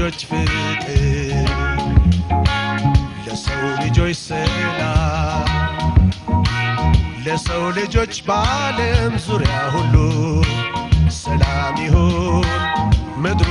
ልጆች ፍቅር ለሰው ልጆች ሰላም ለሰው ልጆች በዓለም ዙሪያ ሁሉ ሰላም ይሁን ምድሩ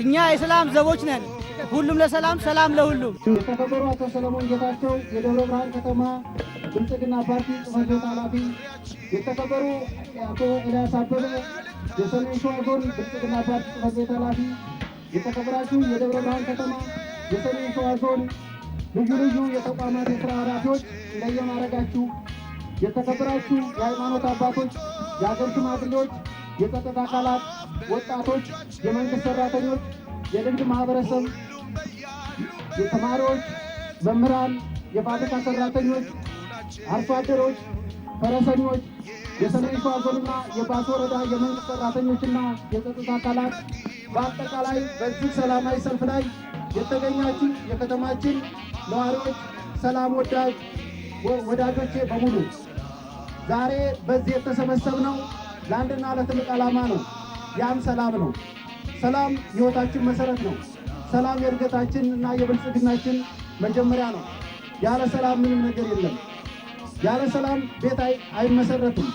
እኛ የሰላም ዘቦች ነን። ሁሉም ለሰላም ሰላም ለሁሉም። የተከበሩ አቶ ሰለሞን ጌታቸው የደብረ ብርሃን ከተማ ብልጽግና ፓርቲ ጽሕፈት ቤት ኃላፊ፣ የተከበሩ አቶ ኤልያስ አበበ የሰሜን ሸዋ ዞን ብልጽግና ፓርቲ ጽሕፈት ቤት ኃላፊ፣ የተከበራችሁ የደብረ ብርሃን ከተማ የሰሜን ሸዋ ዞን ልዩ ልዩ የተቋማት የስራ ኃላፊዎች እንደየማረጋችሁ፣ የተከበራችሁ የሃይማኖት አባቶች፣ የአገር ሽማግሌዎች የጸጥታ አካላት፣ ወጣቶች፣ የመንግስት ሰራተኞች፣ የንግድ ማህበረሰብ፣ የተማሪዎች፣ መምህራን፣ የፋብሪካ ሰራተኞች፣ አርሶ አደሮች፣ ፈረሰኞች፣ የሰሜን ሸዋ ዞንና የባሶ ወረዳ የመንግስት ሰራተኞችና የጸጥታ አካላት በአጠቃላይ በዚህ ሰላማዊ ሰልፍ ላይ የተገኛችሁ የከተማችን ነዋሪዎች፣ ሰላም ወዳጅ ወዳጆቼ በሙሉ ዛሬ በዚህ የተሰበሰብነው ለአንድና ለትልቅ ዓላማ ነው። ያም ሰላም ነው። ሰላም የሕይወታችን መሰረት ነው። ሰላም የእድገታችን እና የብልጽግናችን መጀመሪያ ነው። ያለ ሰላም ምንም ነገር የለም። ያለ ሰላም ቤት አይመሰረትም፣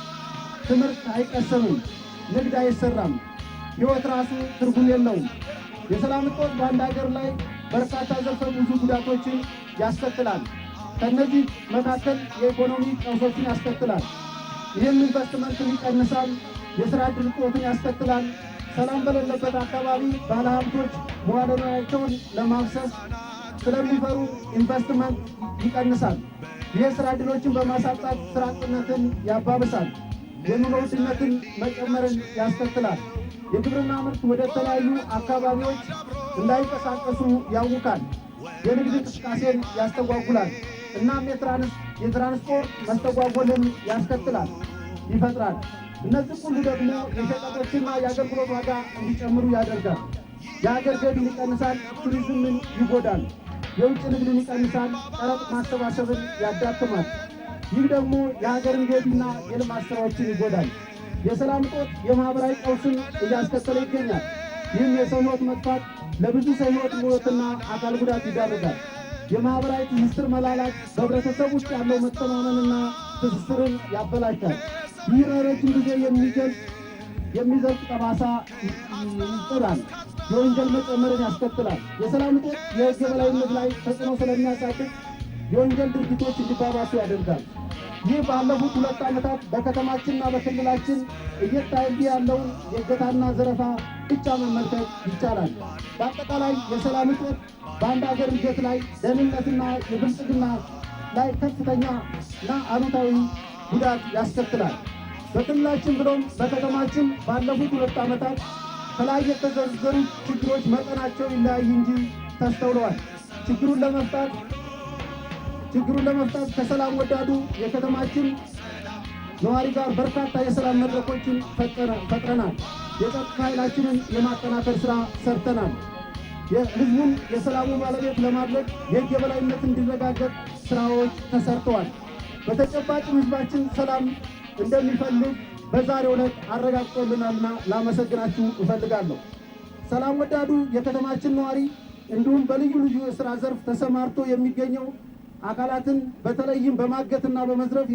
ትምህርት አይቀሰምም፣ ንግድ አይሰራም፣ ሕይወት ራሱ ትርጉም የለውም። የሰላም እጦት በአንድ ሀገር ላይ በርካታ ዘርፈ ብዙ ጉዳቶችን ያስከትላል። ከእነዚህ መካከል የኢኮኖሚ ቀውሶችን ያስከትላል። ይህም ኢንቨስትመንት ይቀንሳል፣ የስራ ዕድል እጦትን ያስከትላል። ሰላም በሌለበት አካባቢ ባለሀብቶች መዋዕለ ንዋያቸውን ለማፍሰስ ስለሚፈሩ ኢንቨስትመንት ይቀንሳል። ይህ ስራ ዕድሎችን በማሳጣት ስራጥነትን አጥነትን ያባብሳል፣ የኑሮ ውድነትን መጨመርን ያስከትላል። የግብርና ምርት ወደ ተለያዩ አካባቢዎች እንዳይንቀሳቀሱ ያውካል፣ የንግድ እንቅስቃሴን ያስተጓጉላል። እናም የትራንስ የትራንስፖርት መስተጓጎልን ያስከትላል፣ ይፈጥራል። እነዚህ ሁሉ ደግሞ የሸቀጦችና የአገልግሎት ዋጋ እንዲጨምሩ ያደርጋል። የአገር ገቢ ይቀንሳል፣ ቱሪዝምን ይጎዳል፣ የውጭ ንግድን ይቀንሳል፣ ቀረጥ ማሰባሰብን ያዳክማል። ይህ ደግሞ የሀገርን ገቢና የልማት ስራዎችን ይጎዳል። የሰላም እጦት የማህበራዊ ቀውስን እያስከተለ ይገኛል። ይህም የሰው መጥፋት ለብዙ ሰው ሕይወት ሞትና አካል ጉዳት ይዳርጋል። የማኅበራዊ ትስስር መላላት በህብረተሰብ ውስጥ ያለው መተማመንና ትስስርን ያበላሻል። ይህ ረጅም ጊዜ የሚገልጽ የሚዘልቅ ጠባሳ ይጥላል። የወንጀል መጨመርን ያስከትላል። የሰላም እጦት የህግ የበላይነት ላይ ተጽዕኖ ስለሚያሳድር የወንጀል ድርጊቶች እንዲባባሱ ያደርጋል። ይህ ባለፉት ሁለት ዓመታት በከተማችንና በክልላችን እየታየ ያለውን የእገታና ዘረፋ ብቻ መመልከት ይቻላል። በአጠቃላይ የሰላም እጦት በአንድ አገር እድገት ላይ ደህንነትና የብልጽግና ላይ ከፍተኛ እና አሉታዊ ጉዳት ያስከትላል። በክልላችን ብሎም በከተማችን ባለፉት ሁለት ዓመታት ከላይ የተዘረዘሩ ችግሮች መጠናቸው ይለያይ እንጂ ተስተውለዋል። ችግሩን ለመፍታት ችግሩን ለመፍታት ከሰላም ወዳዱ የከተማችን ነዋሪ ጋር በርካታ የሰላም መድረኮችን ፈጥረናል። የጸጥታ ኃይላችንን የማጠናከር ሥራ ሰርተናል። የሕዝቡን የሰላሙ ባለቤት ለማድረግ የሕግ የበላይነት እንዲረጋገጥ ሥራዎች ተሰርተዋል። በተጨባጭም ሕዝባችን ሰላም እንደሚፈልግ በዛሬው ዕለት አረጋግጦልናልና ላመሰግናችሁ እፈልጋለሁ። ሰላም ወዳዱ የከተማችን ነዋሪ እንዲሁም በልዩ ልዩ የሥራ ዘርፍ ተሰማርቶ የሚገኘው አካላትን በተለይም በማገትና በመዝረፍ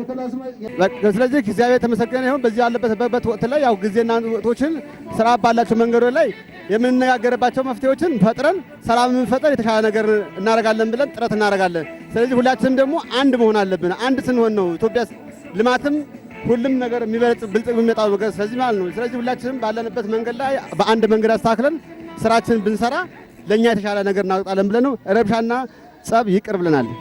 ስለዚህ እግዚአብሔር የተመሰገነ ይሁን። በዚህ ያለበት ወቅት ላይ ያው ጊዜና ወቅቶችን ስራ ባላቸው መንገዶች ላይ የምንነጋገርባቸው መፍትሄዎችን ፈጥረን ሰላም የምንፈጠር የተሻለ ነገር እናደርጋለን ብለን ጥረት እናደርጋለን። ስለዚህ ሁላችንም ደግሞ አንድ መሆን አለብን። አንድ ስንሆን ነው ኢትዮጵያ ልማትም ሁሉም ነገር የሚበለጽ ብልጽግ የሚመጣው ነገር ስለዚህ ማለት ነው። ስለዚህ ሁላችንም ባለንበት መንገድ ላይ በአንድ መንገድ አስተካክለን ስራችን ብንሰራ ለእኛ የተሻለ ነገር እናወጣለን ብለን ነው። ረብሻና ጸብ ይቅር ብለናል።